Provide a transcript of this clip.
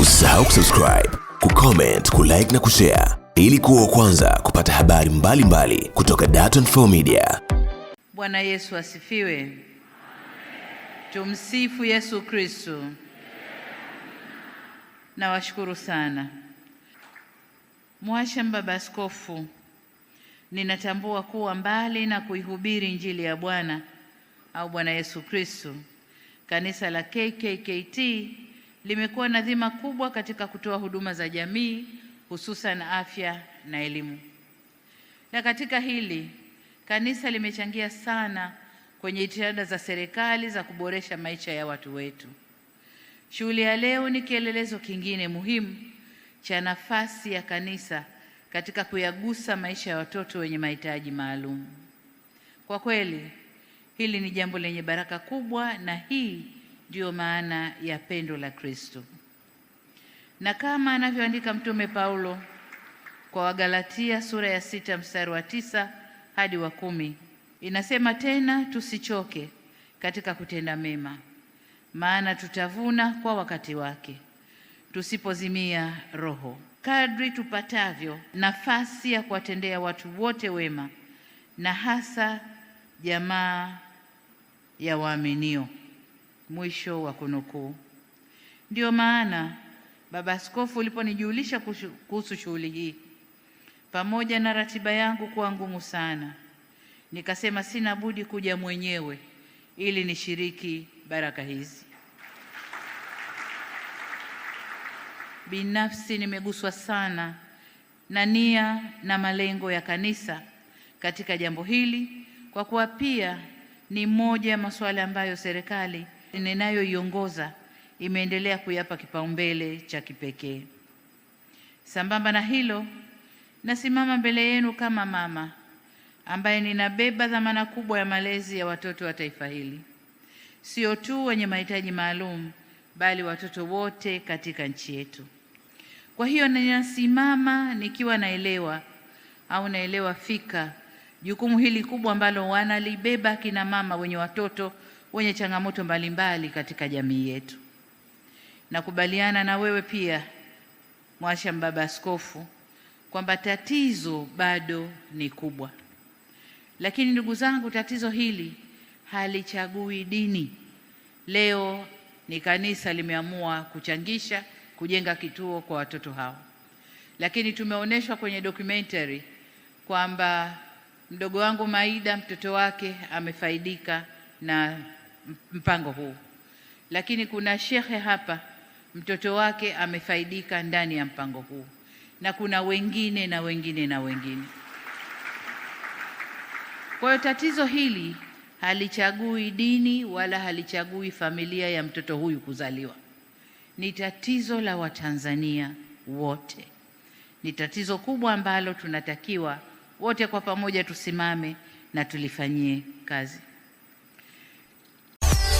Usisahau kusubscribe, kucomment, kulike na kushare ili kuwa kwanza kupata habari mbalimbali mbali kutoka Dar24 Media. Bwana Yesu asifiwe. Tumsifu Yesu Kristo. Nawashukuru sana Mwasham, Baba Askofu, ninatambua kuwa mbali na kuihubiri Injili ya Bwana au Bwana Yesu Kristo, kanisa la KKKT limekuwa na dhima kubwa katika kutoa huduma za jamii hususan afya na elimu. Na katika hili kanisa limechangia sana kwenye jitihada za serikali za kuboresha maisha ya watu wetu. Shughuli ya leo ni kielelezo kingine muhimu cha nafasi ya kanisa katika kuyagusa maisha ya watoto wenye mahitaji maalum. Kwa kweli hili ni jambo lenye baraka kubwa na hii Ndiyo maana ya pendo la Kristo. Na kama anavyoandika Mtume Paulo kwa Wagalatia sura ya sita mstari wa tisa hadi wa kumi inasema tena, tusichoke katika kutenda mema, maana tutavuna kwa wakati wake tusipozimia roho. Kadri tupatavyo nafasi ya kuwatendea watu wote wema, na hasa jamaa ya waaminio. Mwisho wa kunukuu. ndio maana Baba Askofu, uliponijulisha kuhusu shughuli hii, pamoja na ratiba yangu kuwa ngumu sana, nikasema sina budi kuja mwenyewe ili nishiriki baraka hizi. Binafsi nimeguswa sana na nia na malengo ya kanisa katika jambo hili, kwa kuwa pia ni moja ya masuala ambayo serikali ninayoiongoza imeendelea kuyapa kipaumbele cha kipekee. Sambamba na hilo, nasimama mbele yenu kama mama ambaye ninabeba dhamana kubwa ya malezi ya watoto wa taifa hili, sio tu wenye mahitaji maalum, bali watoto wote katika nchi yetu. Kwa hiyo ninasimama nikiwa naelewa au naelewa fika jukumu hili kubwa ambalo wanalibeba kina mama wenye watoto wenye changamoto mbalimbali katika jamii yetu. Nakubaliana na wewe pia Mwasha, baba askofu, kwamba tatizo bado ni kubwa, lakini ndugu zangu, tatizo hili halichagui dini. Leo ni kanisa limeamua kuchangisha kujenga kituo kwa watoto hao, lakini tumeonyeshwa kwenye documentary kwamba mdogo wangu Maida mtoto wake amefaidika na mpango huu, lakini kuna shekhe hapa mtoto wake amefaidika ndani ya mpango huu, na kuna wengine na wengine na wengine. Kwa hiyo tatizo hili halichagui dini wala halichagui familia ya mtoto huyu kuzaliwa. Ni tatizo la Watanzania wote, ni tatizo kubwa ambalo tunatakiwa wote kwa pamoja tusimame na tulifanyie kazi.